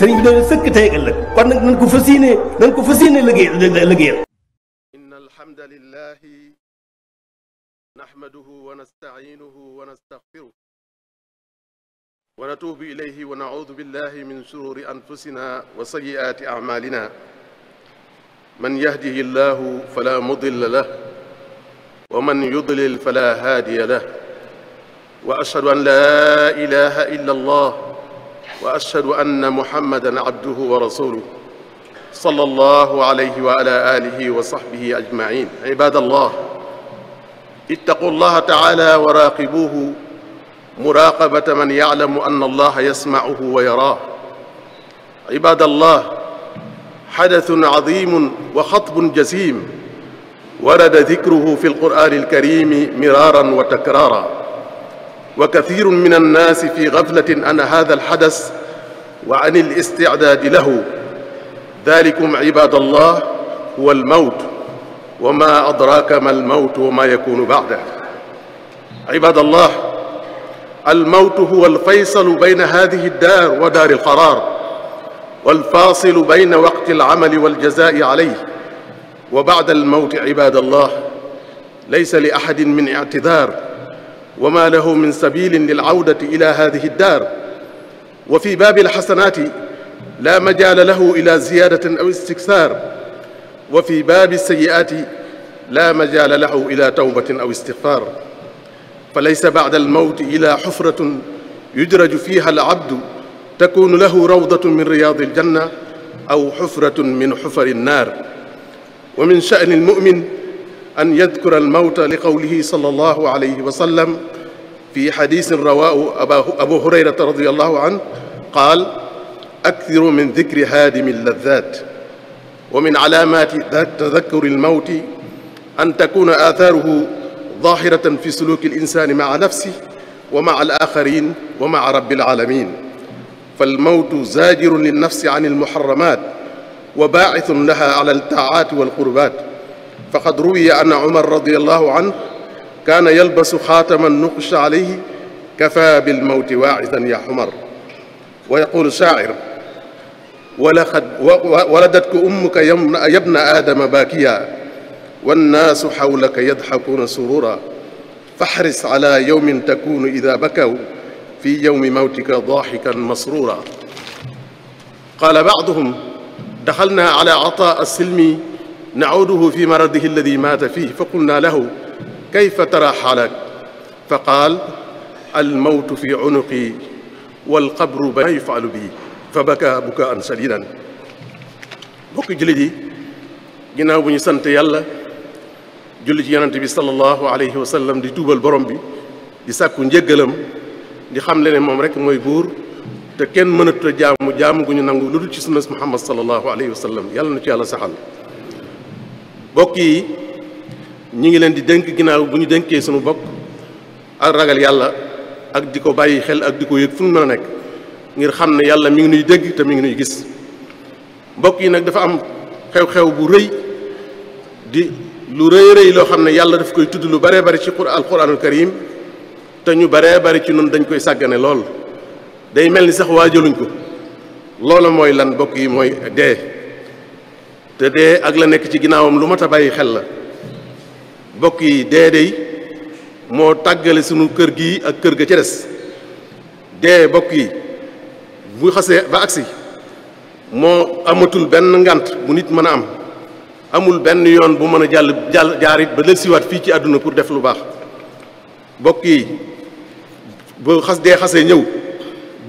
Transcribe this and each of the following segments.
sëriñ bi dana sëkk tey ëllëg kon nag nañ ko fas yéene nañ ko fas yéene liggéey liggéeyal inna alhamda lillahi nahmaduhu wa nasta'inuhu wa nastaghfiruh wa natubu ilayhi wa na'udhu billahi min shururi anfusina wa sayyiati a'malina man yahdihi llahu fala mudilla lah wa man yudlil fala haadiya lah wa ashhadu an la ilaha illa allah واشهد ان محمدا عبده ورسوله صلى الله عليه وعلى اله وصحبه اجمعين عباد الله اتقوا الله تعالى وراقبوه مراقبه من يعلم ان الله يسمعه ويراه عباد الله حدث عظيم وخطب جسيم ورد ذكره في القران الكريم مرارا وتكرارا wa kathirun min annaasi fi gaflatin an hada alxadas wa an alistidaadi lahu dalikum ibad allah huwa almawt wa ma adraka ma almawt wa ma yakunu baada ibad allah الموت هو الفيصل بين هذه الدار ودار القرار والفاصل بين وقت العمل والجزاء عليه وبعد الموت عباد الله ليس لأحد من اعتذار wa ma lahu min sabilin lil awdati ila hadihi daar wa fi baabi alxasanaati laa majaala lahu ila ziyaadatin aw istiksaar wa fi baabi sayyi'aati laa majaala lahu ila tawbatin aw istigfaar fa laysa bacda almawti ila xufratun yujraju fiha alabdu takunu lahu rawdatun min riyaadi aljanna aw xufratun min xufari annaar wa min sha'ni almu'min an yadkura almawta li qawlihi sallallahu alayhi wa sallam fi xadiisin rawaahu abu hurayrata radiyallahu anhu qaal aktiru min dikri haadimi lladaat wa min calaamaati tadakkuri almawti an takuna aataaruhu zaahiratan fi suluuki alinsaani maca nafsihi wa maca alaaxariin wa maca rabbi alcaalamiin falmawtu zaajirun linnafsi can almuharramaat wa baacisun laha cala altaacaati walqurbaat faqad ruwiya anna umar radiyallahu anhu kaana yalbasu xaataman nuqisha alayhi kafa bilmawti waacidan ya xumar wa yaqulu shaacir walaqad waladatka ummuka yabna aadama baakiya wannaasu xawlaka yadxakuuna surura faxris ala yowmin takunu ida bakaw fi yowmi mawtika daaxikan masrura qaala bacduhum daxalnaa ala ataa assilmi نعوده في مرضه الذي مات فيه فقلنا له كيف ترى حالك فقال الموت في عنقي والقبر ما يفعل بي فبكى بكاء شديدا bokk jullit yi ginnaaw bu ñu sant yàlla julli ci yonent bi sallallahu alayhi wa sallam di tuubal borom bi di sàkku njëggalam di xam le ne moom rek mooy buur te kenn mënatu jaamu jaamu gu ñu nangu lu dul ci sunnas muhammad sallallahu alayhi wa sallam yàlla na ci yàlla saxal bokk yi ñu ngi leen di dénk ginnaaw bu ñu dénkee suñu bokk ak ragal yàlla ak di ko bàyyi xel ak di ko yëg fu mu nekk ngir xam ne yàlla mi ngi nuy dégg te mi ngi nuy gis mbokk yi nag dafa am xew-xew bu rëy di lu rëy rëy loo xam ne yàlla daf koy tudd lu baree bari ci alquranul karim te ñu baree bari ci noonu dañ koy sàggane lool day mel ni sax waa waajaluñ ko loola mooy lan mbokk yi mooy dee te dee ak la nekk ci ginnaawam lu mat a bàyyi xel la mbokk yi dee dey moo tàggale sunu kër gi ak kër ga ca des dee mbokk yi bu xasee ba agsi moo amatul benn ngànt bu nit mën a am amul benn yoon bu mën a jàll jàll jaarit ba delsiwaat fii ci àdduna pour def lu baax mbokk yi bu xas dee xasee ñëw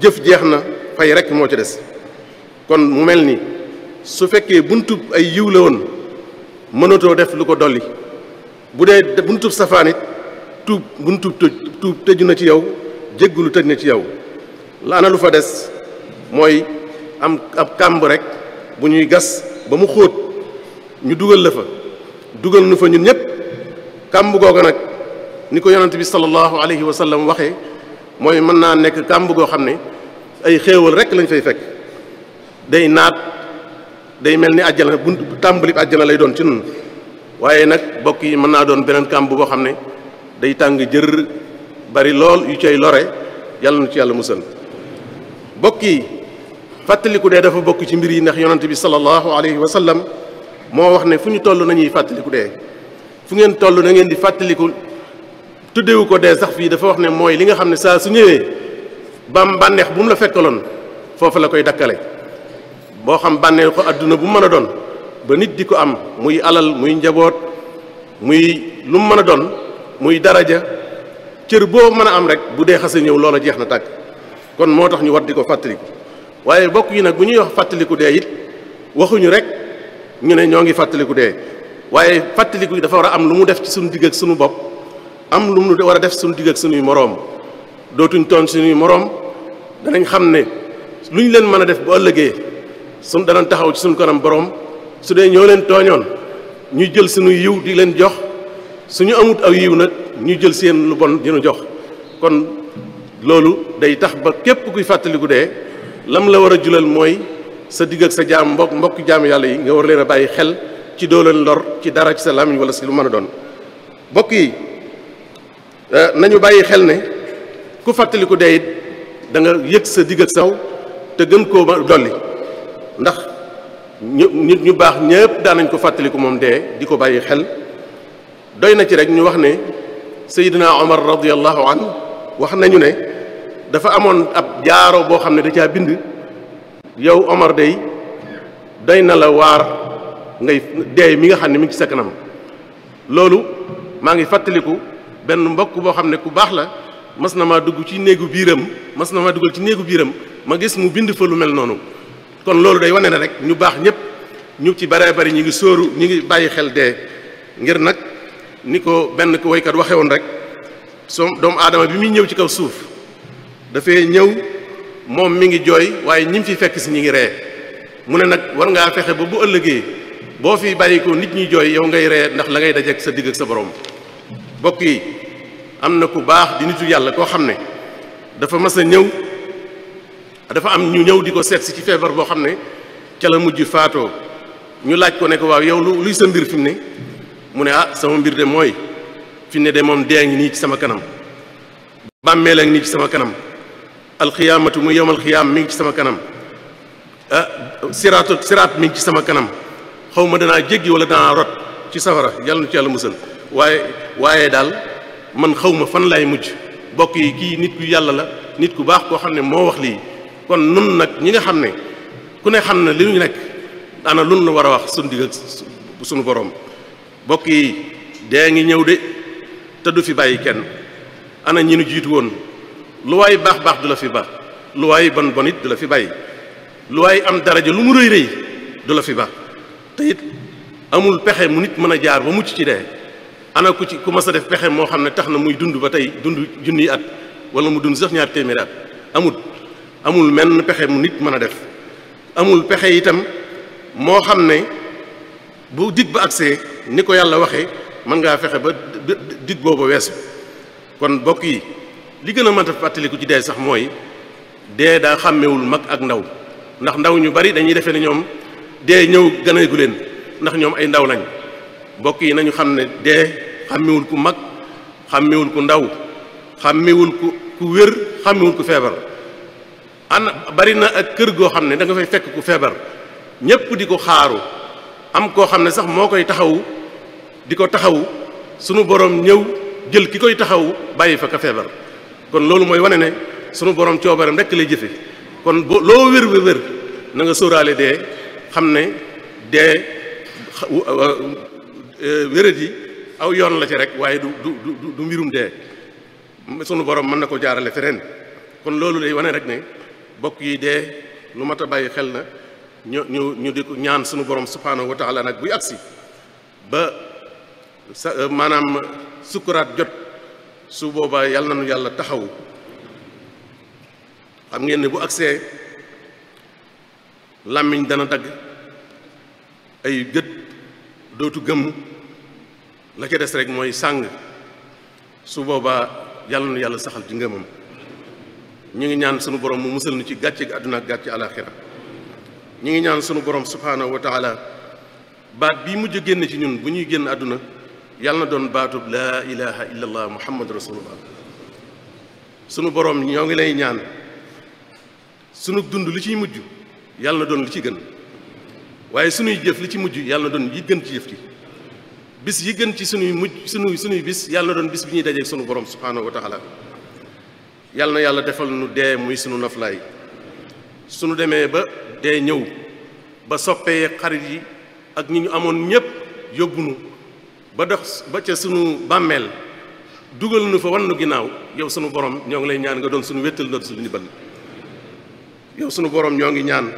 jëf jeex na fay rekk moo ca des kon mel ni su fekkee buntub ay yiw la woon mënatoo def lu ko dolli bu dee buntub safaan it tuub buntub tëj tuub tëju na ci yow jéggulu tëj na ci yow laana lu fa des mooy am ab kàmb rek bu ñuy gas ba mu xóot ñu dugal la fa dugal nu fa ñun ñëpp kàmb googa nag ni ko yonent bi sallallahu alayhi wa sallam waxee mooy mën naa nekk kàmb goo xam ne ay xéewal rek lañ fay fekk day naat day mel ni àjjana bu tàmbali àjjana lay doon ci nun waaye nag bokk yi mën naa doon beneen kàmb boo xam ne day tàng jër bari lool yu cay lore yàlla na ci yàlla musal bokk yi fàttaliku de dafa bokk ci mbir yi ndax yonante bi sallallahu alayhi wa sallam moo wax ne fu ñu toll nañuy fàttaliku dee fu ngeen toll na ngeen di fàttaliku tuddewu ko de sax fii dafa wax ne mooy li nga xam ne saa su ñëwee bam bànneex bu mu la fekkaloon foofu la koy dakkale boo xam ko àdduna bu mën a doon ba nit di ko am muy alal muy njaboot muy lu mu mën a doon muy daraja cër boo mën a am rek bu dee xase ñëw loola jeex na tàkk kon moo tax ñu war di ko fàttaliku waaye bokk yi nag bu ñuy wax fàttaliku dee it waxuñu rek ñu ne ñoo ngi fàttaliku dee waaye fàttaliku yi dafa war a am lu mu def ci suñu digg ak suñu bopp am lu mu war a def suñu digg ak suñuy moroom dootuñ toon suñuy moroom danañ xam ne lu ñu leen mën a def bu ëllëgee sun danañ taxaw ci suñ kanam borom su dee ñoo leen tooñoon ñu jël suñu yiw di leen jox suñu amut aw yiw nag ñu jël seen lu bon dinu jox kon loolu day tax ba képp kuy fàttaliku dee lam la war a julal mooy sa digg ak sa jaam mbokk mbokk jaam yàlla yi nga war leen a bàyyi xel ci doo leen lor ci dara ci sa làmmiñ wala si lu mën a doon mbokk yi eh, nañu bàyyi xel ne ku fàttaliku dee it da nga yëg sa digg ak saw te gën koo dolli ndax ñu ñu baax ñëpp daanañ ko fàttaliku moom dee di ko bàyyi xel doy na ci rek ñu wax ne Seydina Omar radiyallahu an wax nañu ne dafa amoon ab jaaro boo xam ne da caa bind yow Omar day doy na la waar ngay deey mi nga xam ne mi ci sa kanam loolu maa ngi fàttaliku benn mbokk boo xam ne ku baax la mas na maa dugg ci néegu biiram mas na maa duggal ci néegu biiram ma gis mu bind fa lu mel noonu kon loolu day wane na rek ñu baax ñëpp ñu ci baree bari ñu ngi sóoru ñu ngi bàyyi xel de ngir nag ni ko benn ko woykat waxe woon rek so doomu aadama bi muy ñëw ci kaw suuf dafay ñëw moom mi ngi jooy waaye ñi mu fi fekk si ñu ngi ree mu ne nag war ngaa fexe ba bu ëllëgee boo fi bàyyi ko nit ñuy jooy yow ngay ree ndax la ngay dajeek sa digg sa borom mbokk yi am na ku baax di nitu yàlla koo xam ne dafa mas a ñëw dafa am ñu ñëw di ko seet ci feebar boo xam ne ca mujj faatoo ñu laaj ko ne ko waaw yow lu luy sa mbir fi mu ne mu ne ah sama mbir de mooy fi ne de moom dee ngi nii ci sama kanam bàmmeel a ngi nii ci sama kanam alxiyaamatu mu yowmal xiyaam mi ngi ci sama kanam ah siraatu siraat mi ci sama kanam xaw ma danaa jéggi wala danaa rot ci safara yàlla na ci yàlla musal waaye waaye daal man xaw ma fan lay mujj bokk yi kii nit ku yàlla la nit ku baax koo xam ne moo wax lii kon nun nag ñi nga xam ne ku ne xam na li ñu nekk ana lu nu war a wax suñu digg ak suñu boroom mbokk yi dee ngi ñëw de te du fi bàyyi kenn ana ñi nu jiitu woon lu waay baax baax du la fi ba lu waaye bon bon du la fi bàyyi lu waaye am daraja lu mu rëy rëy du la fi ba te it amul pexe mu nit mën a jaar ba mucc ci dee ana ku ci ku mas def pexe moo xam ne tax na muy dund ba tey dund junniy at wala mu dund sax ñaar téeméeri at amut amul menn pexe mu nit mën a def amul pexe itam moo xam ne bu dig ba agsee ni ko yàlla waxee mën ngaa fexe ba dig booba weesu kon bokk yi li gën a mat fàttaliku ci dee sax mooy dee daa xàmmewul mag ak ndaw ndax ndaw ñu bari dañuy defee ne ñoom dee ñëw ganeegu leen ndax ñoom ay ndaw lañ bokk yi nañu xam ne dee xàmmewul ku mag xàmmewul ku ndaw xàmmewul ku ku wér xàmmewul ku feebar an bari na ak kër goo xam ne da nga fay fekk ku feebar ñëpp di ko xaaru am koo xam ne sax moo koy taxawu di ko taxawu sunu borom ñëw jël ki koy taxawu bàyyi fa ka feebar kon loolu mooy wane ne sunu borom coobaram rek lay jëfe kon boo loo wér wér wér na xam ne dee euh, euh, wérat aw yoon la ci rek waaye du du du du mbirum sunu borom mën na ko jaarale fereen kon loolu lay wane rek ne. bokk yi dee lu mat a bàyyi xel na ñu ñu ñu di ko ñaan suñu borom subhaanahu wa taala nag buy agsi ba sa euh, maanaam sukkuraat jot su boobaa yàlla nu yàlla taxawu xam ngeen ne làmmiñ dana dagg ay gët dootu gëmm la ca des rek mooy sàng su boobaa yàlla na yàlla saxal ci ngëmam ñu ngi ñaan sunu borom mu musal nu ci gàcce àdduna ak gàcce alaxira ñu ngi ñaan sunu borom subhaanahu wa taala baat bii mujj génn ci ñun bu ñuy génn àdduna yàlla na doon baatub laa ilaha illa allah muhammad rasulullah sunu borom ñoo ngi lay ñaan sunu dund li ci mujj yàlla na doon li ci gën waaye sunuy jëf li ci mujj yàlla na doon yi gën ci jëf ci bis yi gën ci sunuy mujj sunuy sunuy bis yàlla na doon bis bi ñuy dajeeg sunu borom subhaanahu wa taala yàlla na yàlla defal nu dee muy sunu noflaay sunu demee ba dee ñëw ba soppee xarit yi ak ñi ñu amoon ñépp yóbbu nu ba dox ba ca sunu bàmmeel dugal nu fa wan nu ginnaaw yow sunu borom ñoo ngi lay ñaan nga doon sunu wéttal doon sunu ndimbal yow sunu borom ñoo ngi ñaan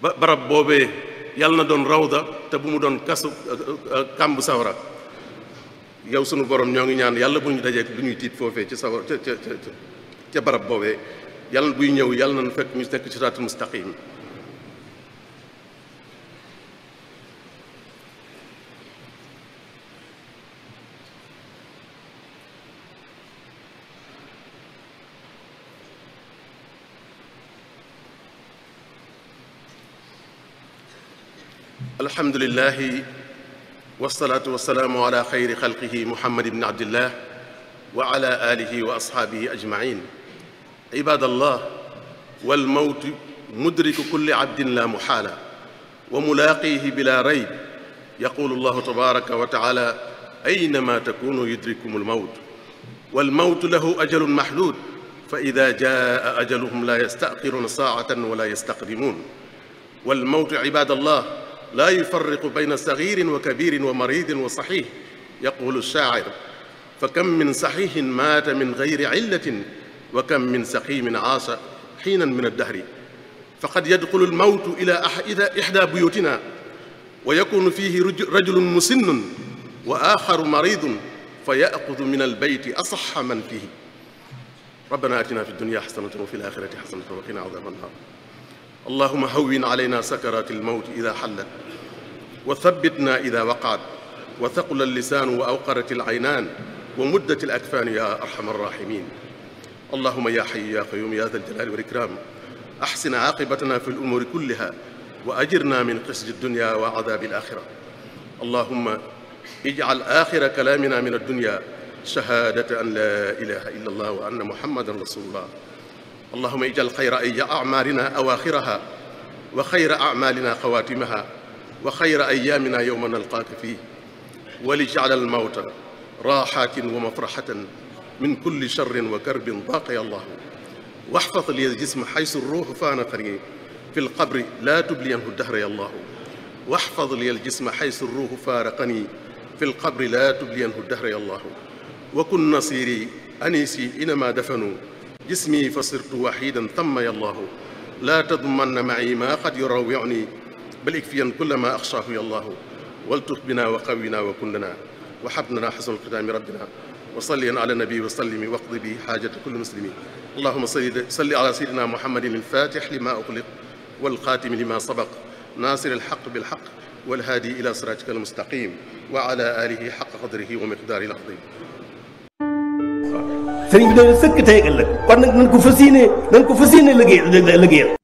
ba barab boobee yàlla na doon rawda te bu mu doon kasu kàmb sawra yow sunu borom ñoo ngi ñaan yàlla bu ñu dajeek lu ñuy tiit foofee ci sawar ca ca ca barab boobee yàlla buy ñëw yàlla nañu fekk ñu tekk ci siraatul mustaqim wasalaatu wasalaamu ala xayri xalqihi muhammad ibni abdillah wa ala alihi wa asxaabihi ajmain ibadallah walmawtu mudriku kulli abdin la muxaala wa mulaaqiihi bila rayb yaqulu llahu tabaraka wa taala aynama takunu yudrikum almawt walmawtu lahu ajalun maxduud fa ida jaa ajaluhum la yastaaxiruuna saacatan wala yastaqdimuun walmawtu ibadallah laa yufarriqu bayna sagirin wa kabirin wa maridin wa saxiix yaqulu shaacir fa kam min saxiixin maata min gayri cillatin wa kam min saqiimin aasha xiinan min addahri faqad yadxulu almawtu ila ixda buyutina wa yakunu fiihi rajulun musinnun wa aaxaru maridun fa yaaxudu min albeyti asaxa man fiihi rabbana atina fi dunya xasanatan wa fi l axirati xasanatan wa qina adaaba annaar allahuma hawwin alayna sakaraati almawti ida xallat wa thabbitna ida waqaat wa thaqula allisaanu wa awqarat alaynaan wa muddat alakfaanu ya arhama arrahimin allahuma ya xayu ya qayuum ya dal jalaali wal ikraam axsin aqibatana fi lumuuri kulliha wa ajirna min xisdi dunya wa adaabi alaaxira allahuma ijcal axira kalaamina min addunya shahaadata an laa ilaha illa allah wa anna muhammadan rasulullah allahuma ijcal xayra ay acmaalina awaaxiraha wa xayra acmaalina xawaatimaha wa xayra ayaamina yowma nalqaaka fii wali jaala almawta raaxaatin wa mafraxatan min kulli charrin wa karbin baaqaya allahu waxfad li jisma xaysu ruuxu faana xari fi lqabri laa tubliyanhu dahraya allahu waxfad li jisma xaysu ruuxu faaraqani fi lqabri laa tubliyanhu dahraya allahu wa kun nasiiri aniisi inama dafanu jismi fa sirtu waxidan tammaya allahu laa tadmanna maci maa qad yurawwicni bal ikfiyan kulla ma axshaahu yallaahu waltuf binaa wa qawwinaa wa kun lanaa wa xabnanaa xasanal xitaami rabbinaa wa salliyan ala nabii wa sallimi waqdi bi xaajata kulli muslimin allahuma salli salli ala sayidina muhammadin alfatix lima uxliq walxaatimi lima sabaq naasiri alxaq bilxaq walhaadi ila siraatika almustaqim wa ala alihi xaqa qadrihi wa miqdaarihi alazim sëriñ bi de sëkk tey ëllëg kon nag nañ ko fas yéene nañ ko fas yéene liggéey liggéeyal